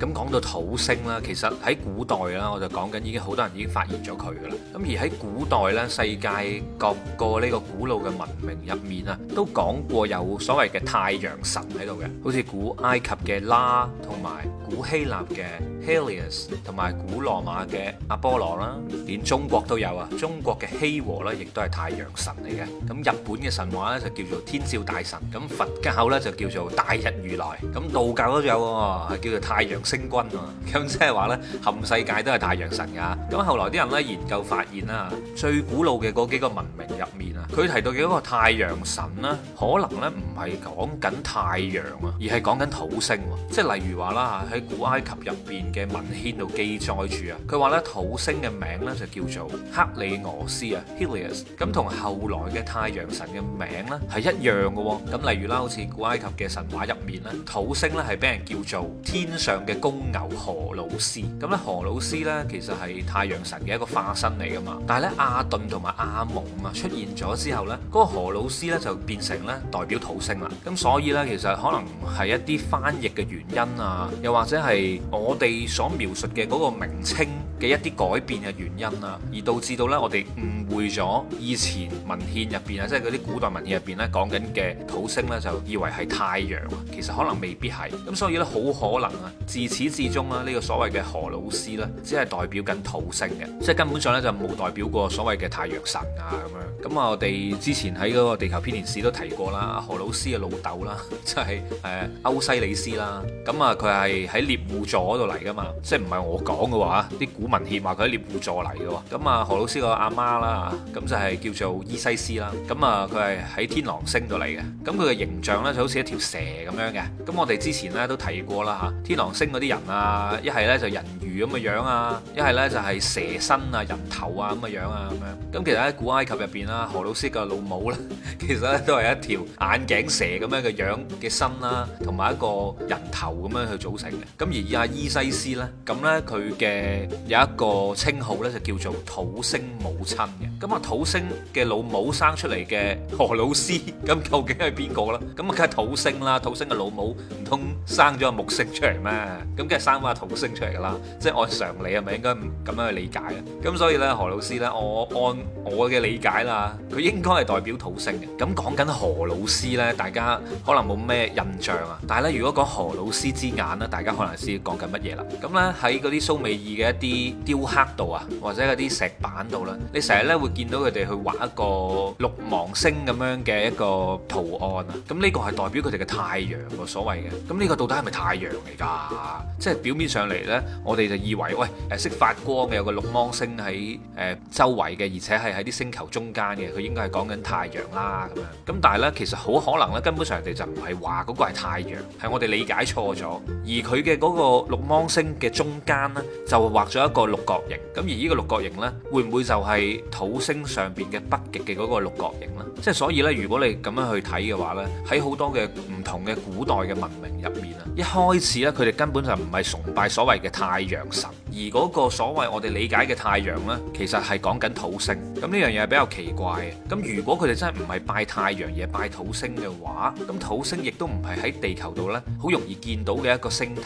咁講到土星啦，其實喺古代啦，我就講緊已經好多人已經發現咗佢㗎喇。咁而喺古代咧，世界各個呢個古老嘅文明入面啊，都講過有所謂嘅太陽神喺度嘅，好似古埃及嘅拉同埋古希臘嘅 Helios，同埋古羅馬嘅阿波羅啦。連中國都有啊，中國嘅羲和咧，亦都係太陽神嚟嘅。咁日本嘅神話呢，就叫做天照大神，咁佛教呢，就叫做大日如來，咁道教都有喎，係叫做太陽神。星君啊，咁即係話呢冚世界都係太陽神噶。咁後來啲人咧，研究發現啦，最古老嘅嗰幾個文明入面啊，佢提到嘅嗰個太陽神啦，可能呢唔係講緊太陽啊，而係講緊土星。即係例如話啦，喺古埃及入邊嘅文獻度記載住啊，佢話呢土星嘅名呢就叫做克里俄斯啊 （Helios），咁同後來嘅太陽神嘅名呢係一樣嘅。咁例如啦，好似古埃及嘅神話入面咧，土星呢係俾人叫做天上嘅。公牛。何老師咁咧，何老師呢，其實係太陽神嘅一個化身嚟噶嘛。但係呢，阿頓同埋阿蒙啊出現咗之後呢，嗰個何老師呢，就變成咧代表土星啦。咁所以呢，其實可能係一啲翻譯嘅原因啊，又或者係我哋所描述嘅嗰個名稱。嘅一啲改變嘅原因啦，而導致到呢，我哋誤會咗以前文獻入邊啊，即係嗰啲古代文獻入邊呢，講緊嘅土星呢，就以為係太陽，其實可能未必係。咁所以呢，好可能啊，自始至終啦，呢個所謂嘅荷魯斯呢，只係代表緊土星嘅，即係根本上呢，就冇代表過所謂嘅太陽神啊咁樣。咁啊，我哋之前喺嗰個地球編年史都提過啦，荷魯斯嘅老豆啦，即係誒歐西里斯啦。咁啊，佢係喺獵戶座嗰度嚟㗎嘛，即係唔係我講嘅話，啲古，文獻話佢喺獵戶座嚟嘅喎，咁啊何老師個阿媽啦，咁就係叫做伊西斯啦，咁啊佢係喺天狼星度嚟嘅，咁佢嘅形象咧就好似一條蛇咁樣嘅，咁我哋之前咧都提過啦嚇，天狼星嗰啲人啊，一係咧就人魚咁嘅樣啊，一係咧就係蛇身啊、人頭啊咁嘅樣啊咁樣，咁其實喺古埃及入邊啦，何老師嘅老母咧，其實咧都係一條眼鏡蛇咁樣嘅樣嘅身啦，同埋一個人頭咁樣去組成嘅，咁而以阿伊西斯咧，咁咧佢嘅有。一個稱號咧就叫做土星母親嘅，咁啊土星嘅老母生出嚟嘅何老師，咁究竟係邊個呢？咁啊梗係土星啦，土星嘅老母唔通生咗個木星出嚟咩？咁梗係生翻土星出嚟噶啦，即係按常理係咪應該唔咁樣去理解咧？咁所以呢，何老師呢？我按我嘅理解啦，佢應該係代表土星嘅。咁講緊何老師呢？大家可能冇咩印象啊，但係咧如果講何老師之眼呢，大家可能先講緊乜嘢啦？咁呢，喺嗰啲蘇美爾嘅一啲。雕刻度啊，或者嗰啲石板度啦，你成日咧會見到佢哋去畫一個六芒星咁樣嘅一個圖案啊，咁呢個係代表佢哋嘅太陽個所謂嘅，咁呢個到底係咪太陽嚟噶？即係表面上嚟咧，我哋就以為喂，誒識發光嘅有個六芒星喺誒周圍嘅，而且係喺啲星球中間嘅，佢應該係講緊太陽啦咁樣。咁但係咧，其實好可能咧，根本上人哋就唔係話嗰個係太陽，係我哋理解錯咗，而佢嘅嗰個六芒星嘅中間咧就畫咗一。個六角形，咁而呢個六角形呢，會唔會就係土星上邊嘅北極嘅嗰個六角形呢？即係所以呢，如果你咁樣去睇嘅話呢，喺好多嘅唔同嘅古代嘅文明入面啊，一開始呢，佢哋根本就唔係崇拜所謂嘅太陽神。而嗰個所謂我哋理解嘅太陽呢，其實係講緊土星。咁呢樣嘢比較奇怪。咁如果佢哋真係唔係拜太陽，而係拜土星嘅話，咁土星亦都唔係喺地球度呢，好容易見到嘅一個星體。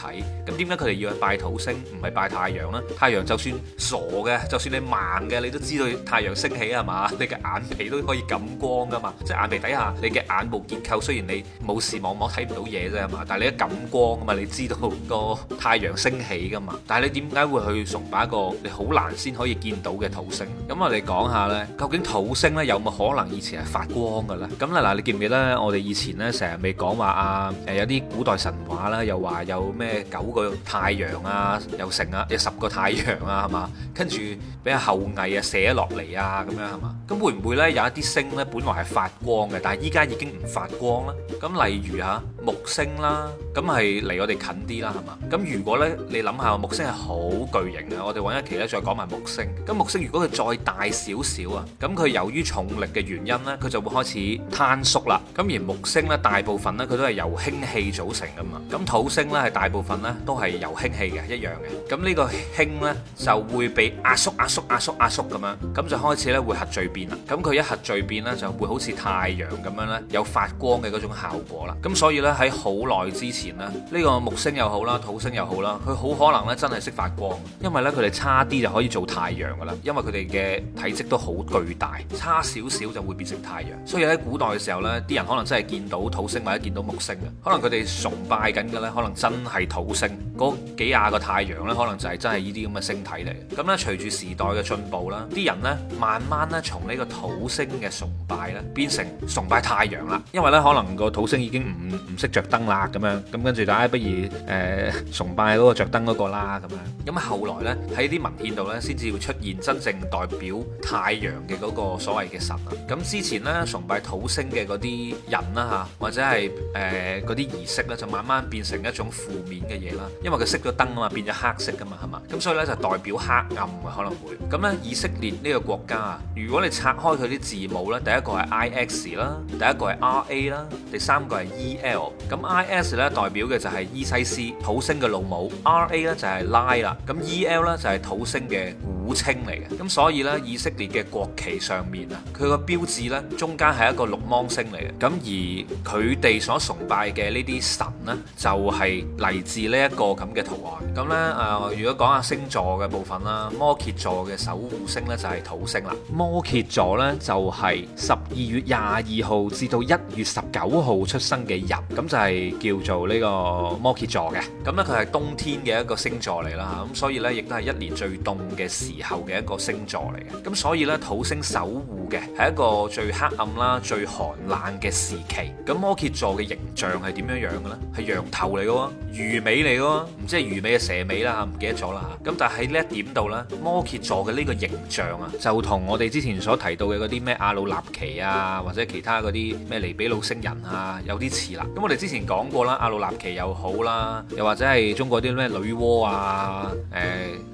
咁點解佢哋要去拜土星，唔係拜太陽呢？太陽就算傻嘅，就算你盲嘅，你都知道太陽升起係嘛？你嘅眼皮都可以感光㗎嘛？即係眼皮底下，你嘅眼部結構雖然你冇視網膜睇唔到嘢啫嘛，但係你一感光㗎嘛？你知道個太陽升起㗎嘛？但係你點解？會去崇拜一個你好難先可以見到嘅土星。咁我哋講下咧，究竟土星咧有冇可能以前係發光嘅咧？咁啦嗱，你記唔記得咧？我哋以前咧成日未講話啊，誒有啲古代神話啦，又話有咩九個太陽啊，又成啊，有十個太陽啊，係嘛？跟住俾后羿啊射咗落嚟啊，咁樣係嘛？咁會唔會咧有一啲星咧本來係發光嘅，但係依家已經唔發光啦？咁例如吓。木星啦，咁係離我哋近啲啦，係嘛？咁如果咧，你諗下木星係好巨型嘅，我哋揾一期咧再講埋木星。咁木星如果佢再大少少啊，咁佢由於重力嘅原因咧，佢就會開始坍縮啦。咁而木星咧，大部分咧佢都係由氫氣組成噶嘛。咁土星咧係大部分咧都係由氫氣嘅一樣嘅。咁呢個氫咧就會被壓縮、壓縮、壓縮、壓縮咁樣，咁就開始咧會核聚變啦。咁佢一核聚變咧就會好似太陽咁樣咧有發光嘅嗰種效果啦。咁所以咧。喺好耐之前呢，呢個木星又好啦，土星又好啦，佢好可能呢真係識發光，因為呢，佢哋差啲就可以做太陽噶啦，因為佢哋嘅體積都好巨大，差少少就會變成太陽。所以喺古代嘅時候呢，啲人可能真係見到土星或者見到木星啊，可能佢哋崇拜緊嘅呢，可能真係土星嗰幾廿個太陽呢，可能就係真係呢啲咁嘅星體嚟。咁呢，隨住時代嘅進步啦，啲人呢慢慢呢，從呢個土星嘅崇拜呢，變成崇拜太陽啦，因為呢，可能個土星已經唔唔。即着燈啦咁樣，咁跟住大家不如誒、呃、崇拜嗰個著燈嗰個啦咁樣。咁啊，後來咧喺啲文獻度呢，先至會出現真正代表太陽嘅嗰個所謂嘅神啊。咁之前呢，崇拜土星嘅嗰啲人啦嚇，或者係誒嗰啲儀式呢，就慢慢變成一種負面嘅嘢啦。因為佢熄咗燈啊嘛，變咗黑色噶嘛，係嘛？咁所以呢，就代表黑暗啊可能會。咁呢，以色列呢個國家啊，如果你拆開佢啲字母呢，第一個係 I X 啦，第一個係 R A 啦，第三個係 E L。咁 IS 咧代表嘅就係伊西斯，土星嘅老母。RA 咧就係拉啦，咁 EL 咧就係土星嘅古稱嚟嘅。咁所以咧，以色列嘅國旗上面啊，佢個標誌咧中間係一個六芒星嚟嘅。咁而佢哋所崇拜嘅呢啲神咧，就係嚟自呢一個咁嘅圖案。咁咧，誒，如果講下星座嘅部分啦，摩羯座嘅守護星咧就係土星啦。摩羯座咧就係十二月廿二號至到一月十九號出生嘅人咁。咁就係叫做呢個摩羯座嘅，咁咧佢係冬天嘅一個星座嚟啦，咁、嗯、所以呢，亦都係一年最凍嘅時候嘅一個星座嚟嘅。咁、嗯、所以呢，土星守護嘅係一個最黑暗啦、最寒冷嘅時期。咁、嗯、摩羯座嘅形象係點樣樣嘅咧？係羊頭嚟嘅喎，魚尾嚟嘅喎，唔知係魚尾定蛇尾啦嚇，唔記得咗啦。咁、嗯、但係喺呢一點度呢，摩羯座嘅呢個形象啊，就同我哋之前所提到嘅嗰啲咩阿努納奇啊，或者其他嗰啲咩尼比魯星人啊，有啲似啦。咁我哋。之前講過啦，阿魯納奇又好啦，又或者係中國啲咩女媧啊，誒、呃、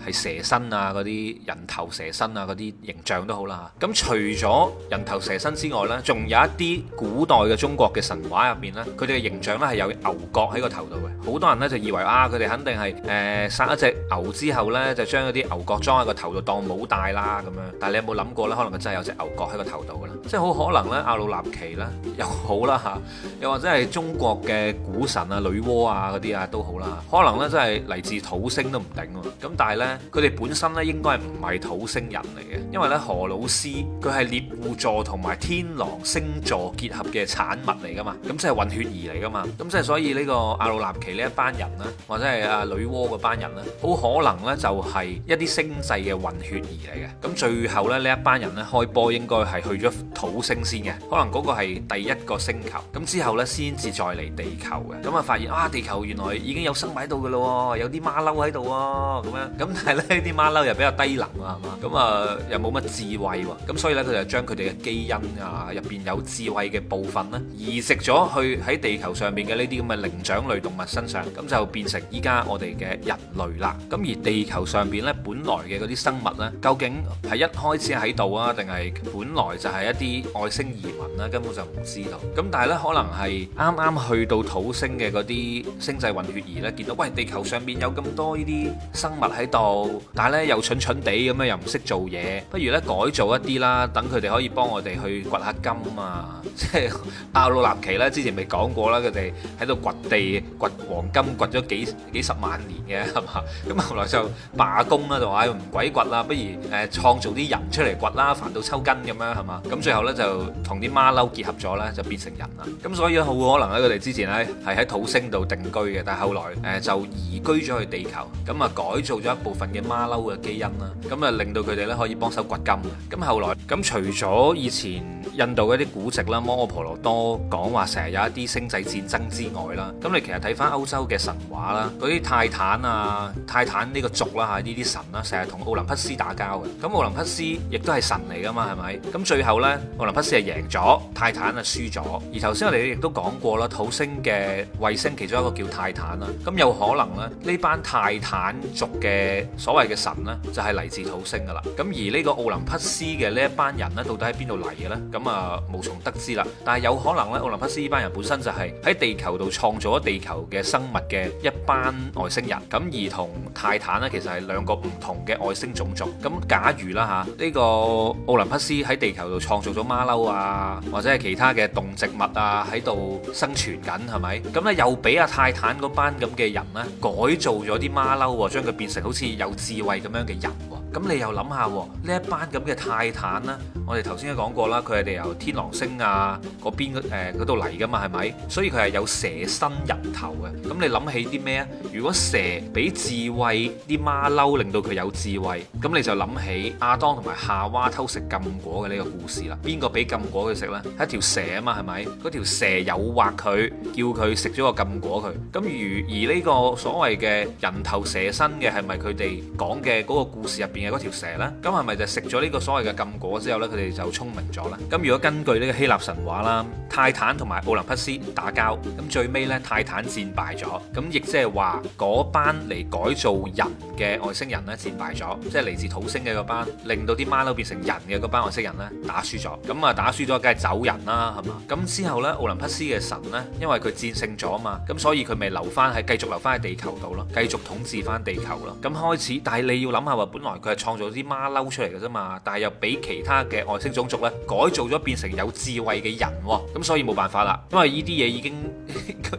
係蛇身啊嗰啲人頭蛇身啊嗰啲形象都好啦。咁除咗人頭蛇身之外呢，仲有一啲古代嘅中國嘅神話入邊呢，佢哋嘅形象呢係有牛角喺個頭度嘅。好多人呢就以為啊，佢哋肯定係誒、呃、殺一隻牛之後呢，就將嗰啲牛角裝喺個頭度當帽戴啦咁樣。但係你有冇諗過呢？可能佢真係有隻牛角喺個頭度㗎啦，即係好可能呢，阿魯納奇啦又好啦嚇，又或者係中。國嘅古神啊、女媧啊啲啊都好啦，可能呢，真係嚟自土星都唔定喎。咁但係呢，佢哋本身咧應該係唔係土星人嚟嘅，因為呢，何老師佢係獵戶座同埋天狼星座結合嘅產物嚟噶嘛，咁即係混血兒嚟噶嘛。咁即係所以個呢個阿魯納奇呢一班人咧，或者係阿女媧嗰班人呢，好可能呢就係一啲星際嘅混血兒嚟嘅。咁最後呢，呢一班人呢，開波應該係去咗土星先嘅，可能嗰個係第一個星球。咁之後呢，先至再。嚟地球嘅咁啊！發現啊，地球原來已經有生物喺度嘅咯，有啲馬騮喺度喎，咁樣咁，但係咧啲馬騮又比較低能啊，係咪？咁啊又冇乜智慧喎，咁所以咧佢就將佢哋嘅基因啊入邊有智慧嘅部分咧移植咗去喺地球上邊嘅呢啲咁嘅靈長類動物身上，咁就變成依家我哋嘅人類啦。咁而地球上邊咧本來嘅嗰啲生物咧，究竟係一開始喺度啊，定係本來就係一啲外星移民咧？根本就唔知道。咁但係咧，可能係啱啱。去到土星嘅嗰啲星際混血兒咧，見到喂地球上面有咁多呢啲生物喺度，但係咧又蠢蠢地咁樣又唔識做嘢，不如咧改造一啲啦，等佢哋可以幫我哋去掘下金啊！即係阿努納奇咧，之前咪講過啦，佢哋喺度掘地掘黃金掘咗幾幾十萬年嘅係嘛，咁後來就罷工啦，就話唔鬼掘啦，不如誒創造啲人出嚟掘啦，煩到抽筋咁樣係嘛，咁最後咧就同啲馬騮結合咗咧，就變成人啦。咁所以咧好可能喺個。我哋之前咧係喺土星度定居嘅，但係後來誒、呃、就移居咗去地球，咁啊改造咗一部分嘅馬騮嘅基因啦，咁啊令到佢哋咧可以幫手掘金。咁後來咁除咗以前印度嗰啲古籍啦《摩訶婆羅多》講話成日有一啲星際戰爭之外啦，咁你其實睇翻歐洲嘅神話啦，嗰啲泰坦啊，泰坦呢個族啦嚇呢啲神啦、啊，成日同奧林匹斯打交嘅。咁奧林匹斯亦都係神嚟噶嘛係咪？咁最後呢，奧林匹斯係贏咗，泰坦係輸咗。而頭先我哋亦都講過啦。土星嘅衛星其中一個叫泰坦啦，咁有可能呢呢班泰坦族嘅所謂嘅神呢就係嚟自土星噶啦，咁而呢個奧林匹斯嘅呢一班人呢到底喺邊度嚟嘅呢？咁啊無從得知啦，但係有可能呢奧林匹斯呢班人本身就係喺地球度創造咗地球嘅生物嘅一班外星人，咁而同泰坦呢其實係兩個唔同嘅外星種族。咁假如啦吓呢個奧林匹斯喺地球度創造咗馬騮啊，或者係其他嘅動植物啊喺度生存。完緊係咪？咁咧、 嗯、又俾阿泰坦嗰班咁嘅人咧改造咗啲馬騮，將佢變成好似有智慧咁樣嘅人。咁你又諗下喎？呢一班咁嘅泰坦咧，我哋頭先都講過啦，佢係由天狼星啊嗰邊誒嗰度嚟噶嘛，係咪？所以佢係有蛇身人頭嘅。咁你諗起啲咩啊？如果蛇俾智慧啲馬騮，馬騮令到佢有智慧，咁你就諗起亞當同埋夏娃偷食禁果嘅呢個故事啦。邊個俾禁果佢食咧？係條蛇啊嘛，係咪？嗰條蛇誘惑佢，叫佢食咗個禁果佢。咁如而呢個所謂嘅人頭蛇身嘅，係咪佢哋講嘅嗰個故事入邊，嘅嗰條蛇啦，咁係咪就食咗呢個所謂嘅禁果之後咧，佢哋就聰明咗啦？咁如果根據呢個希臘神話啦，泰坦同埋奧林匹斯打交，咁最尾咧泰坦戰敗咗，咁亦即係話嗰班嚟改造人嘅外星人咧戰敗咗，即係嚟自土星嘅嗰班，令到啲馬騮變成人嘅嗰班外星人咧打輸咗，咁啊打輸咗梗係走人啦，係嘛？咁之後咧奧林匹斯嘅神咧，因為佢戰勝咗嘛，咁所以佢咪留翻喺繼續留翻喺地球度咯，繼續統治翻地球咯。咁開始，但係你要諗下話，本來佢。係創造啲孖騮出嚟嘅啫嘛，但係又俾其他嘅外星種族呢改造咗，變成有智慧嘅人喎、哦，咁所以冇辦法啦，因為呢啲嘢已經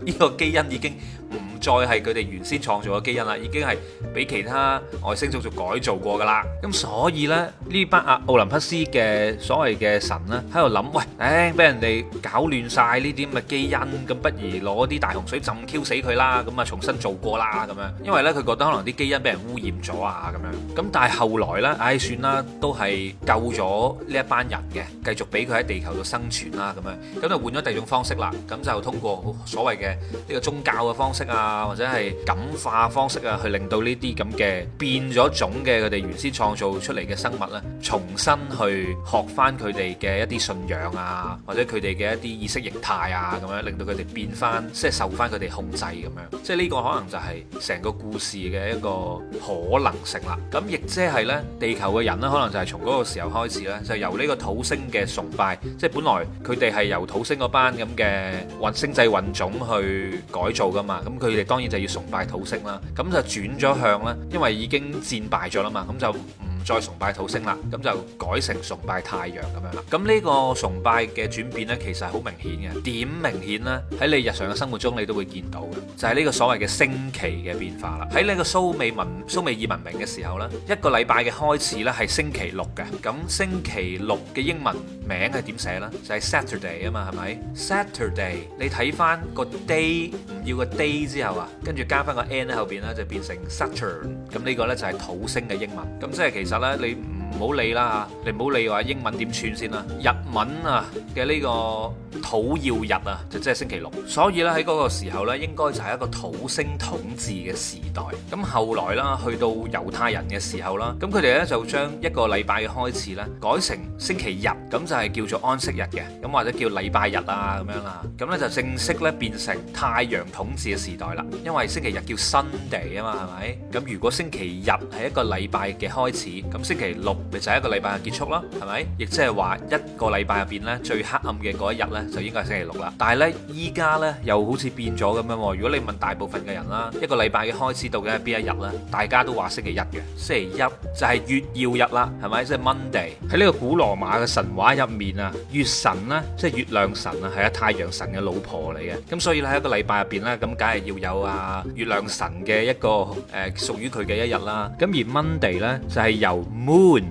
呢 個基因已經。唔再係佢哋原先創造嘅基因啦，已經係俾其他外星種族改造過噶啦。咁所以咧，呢班阿奧林匹斯嘅所謂嘅神咧，喺度諗，喂，誒，俾人哋搞亂曬呢啲咁嘅基因，咁不如攞啲大洪水浸 Q 死佢啦，咁啊，重新做過啦咁樣。因為咧，佢覺得可能啲基因俾人污染咗啊，咁樣。咁但係後來咧，唉，算啦，都係救咗呢一班人嘅，繼續俾佢喺地球度生存啦咁樣。咁就換咗第二種方式啦，咁就通過所謂嘅呢個宗教嘅方式。啊，或者係感化方式啊，去令到呢啲咁嘅變咗種嘅佢哋原先創造出嚟嘅生物呢，重新去學翻佢哋嘅一啲信仰啊，或者佢哋嘅一啲意識形態啊，咁樣令到佢哋變翻，即係受翻佢哋控制咁樣，即係呢個可能就係成個故事嘅一個可能性啦。咁亦即係呢地球嘅人呢，可能就係從嗰個時候開始咧，就由呢個土星嘅崇拜，即係本來佢哋係由土星嗰班咁嘅運星際運種去改造噶嘛。咁佢哋當然就要崇拜土星啦，咁就轉咗向啦，因為已經戰敗咗啦嘛，咁就唔再崇拜土星啦，咁就改成崇拜太陽咁樣啦。咁呢個崇拜嘅轉變呢，其實係好明顯嘅，點明顯呢？喺你日常嘅生活中，你都會見到嘅，就係呢個所謂嘅星期嘅變化啦。喺呢個蘇美文、蘇美爾文明嘅時候呢，一個禮拜嘅開始呢，係星期六嘅，咁星期六嘅英文。名係點寫啦？就係、是、Saturday 啊嘛，係咪？Saturday，你睇翻個 day 唔要個 day 之後啊，跟住加翻個 n 喺後邊啦，就變成 Saturn。咁呢個呢，就係土星嘅英文。咁即係其實呢，你。唔好理啦，你唔好理話英文點串先啦，日文啊嘅呢個土曜日啊，就即係星期六。所以咧喺嗰個時候呢，應該就係一個土星統治嘅時代。咁後來啦，去到猶太人嘅時候啦，咁佢哋呢就將一個禮拜嘅開始呢，改成星期日，咁就係叫做安息日嘅，咁或者叫禮拜日啊咁樣啦。咁呢就正式呢變成太陽統治嘅時代啦，因為星期日叫新地啊嘛，係咪？咁如果星期日係一個禮拜嘅開始，咁星期六。咪就係一個禮拜嘅結束啦，係咪？亦即係話一個禮拜入邊咧最黑暗嘅嗰一日咧，就應該係星期六啦。但係咧依家咧又好似變咗咁樣喎。如果你問大部分嘅人啦，一個禮拜嘅開始到底係邊一日咧？大家都話星期一嘅。星期一就係月曜日啦，係咪？即係 Monday。喺呢個古羅馬嘅神話入面啊，月神咧即係月亮神啊，係啊太陽神嘅老婆嚟嘅。咁所以咧喺一個禮拜入邊咧，咁梗係要有啊月亮神嘅一個誒屬於佢嘅一日啦。咁而 Monday 咧就係由 moon。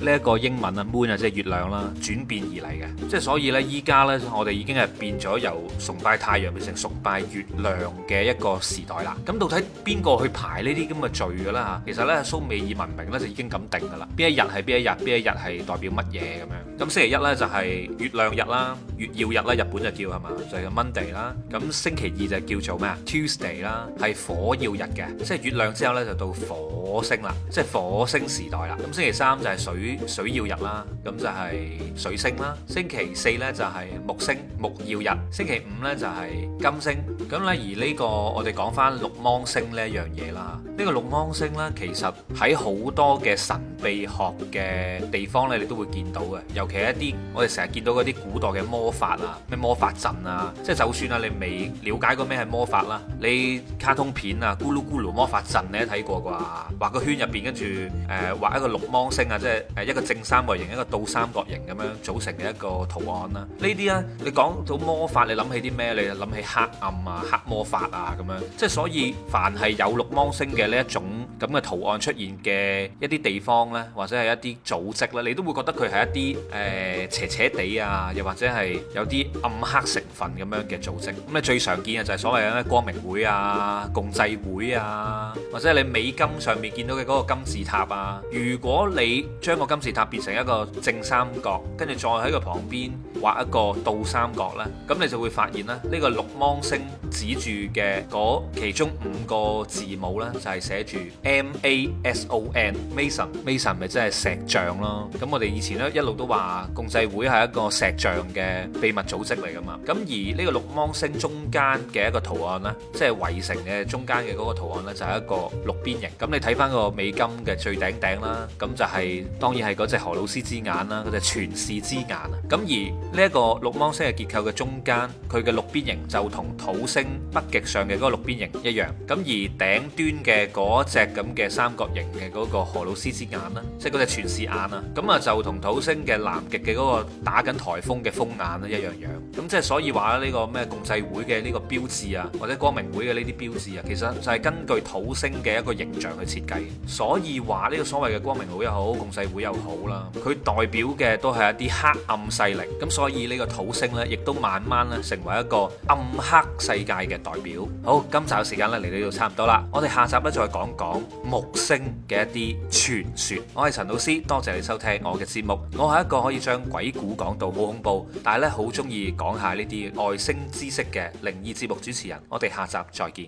呢一個英文啊 moon 啊即係月亮啦，轉變而嚟嘅，即係所以咧依家咧我哋已經係變咗由崇拜太陽變成崇拜月亮嘅一個時代啦。咁到底邊個去排呢啲咁嘅序㗎啦？嚇，其實咧蘇美爾文明咧就已經咁定㗎啦，邊一日係邊一日，邊一日係代表乜嘢咁樣？咁星期一咧就係月亮日啦，月曜日咧日本就叫係嘛，就係 Monday 啦。咁星期二就叫做咩啊？Tuesday 啦，係火曜日嘅，即係月亮之後咧就到火星啦，即係火星時代啦。咁星期三就係水。水曜日啦，咁就係水星啦。星期四呢就係木星，木曜日。星期五呢就係金星。咁呢，而呢個我哋講翻六芒星呢一樣嘢啦。呢個六芒星呢，其實喺好多嘅神秘學嘅地方呢，你都會見到嘅。尤其一啲我哋成日見到嗰啲古代嘅魔法啊，咩魔法陣啊，即係就算啊你未了解過咩係魔法啦，你卡通片啊咕嚕咕嚕魔法陣你都睇過啩？畫個圈入邊，跟住誒畫一個六芒星啊，即係。誒一個正三角形，一個倒三角形咁樣組成嘅一個圖案啦。呢啲啊，你講到魔法，你諗起啲咩？你就諗起黑暗啊、黑魔法啊咁樣，即係所以，凡係有六芒星嘅呢一種咁嘅圖案出現嘅一啲地方咧，或者係一啲組織咧，你都會覺得佢係一啲誒、呃、邪邪地啊，又或者係有啲暗黑成分咁樣嘅組織咁咧、嗯、最常見嘅就係所謂嘅光明會啊、共濟會啊，或者係你美金上面見到嘅個金字塔啊。如果你將個。金字塔變成一個正三角，跟住再喺個旁邊。畫一個倒三角咧，咁你就會發現咧，呢個六芒星指住嘅嗰其中五個字母咧，就係寫住 M A S O N Mason Mason 咪即係石像咯。咁我哋以前咧一路都話共濟會係一個石像嘅秘密組織嚟噶嘛。咁而呢個六芒星中間嘅一個圖案咧，即係圍城嘅中間嘅嗰個圖案咧，就係一個六邊形。咁你睇翻個美金嘅最頂頂啦，咁就係當然係嗰隻何老師之眼啦，嗰隻全視之眼啊。咁而呢一個六芒星嘅結構嘅中間，佢嘅六邊形就同土星北極上嘅嗰個六邊形一樣。咁而頂端嘅嗰隻咁嘅三角形嘅嗰個荷魯斯之眼啦，即係嗰隻全視眼啊。咁啊就同土星嘅南極嘅嗰個打緊颱風嘅風眼啦一樣樣。咁即係所以話啦，呢個咩共濟會嘅呢個標誌啊，或者光明會嘅呢啲標誌啊，其實就係根據土星嘅一個形象去設計。所以話呢個所謂嘅光明會又好，共濟會又好啦，佢代表嘅都係一啲黑暗勢力。咁所以呢個土星咧，亦都慢慢咧，成為一個暗黑世界嘅代表。好，今集嘅時間咧嚟到呢度差唔多啦，我哋下集咧再講講木星嘅一啲傳說。我係陳老師，多謝你收聽我嘅節目。我係一個可以將鬼故講到好恐怖，但係咧，好中意講下呢啲外星知識嘅靈異節目主持人。我哋下集再見。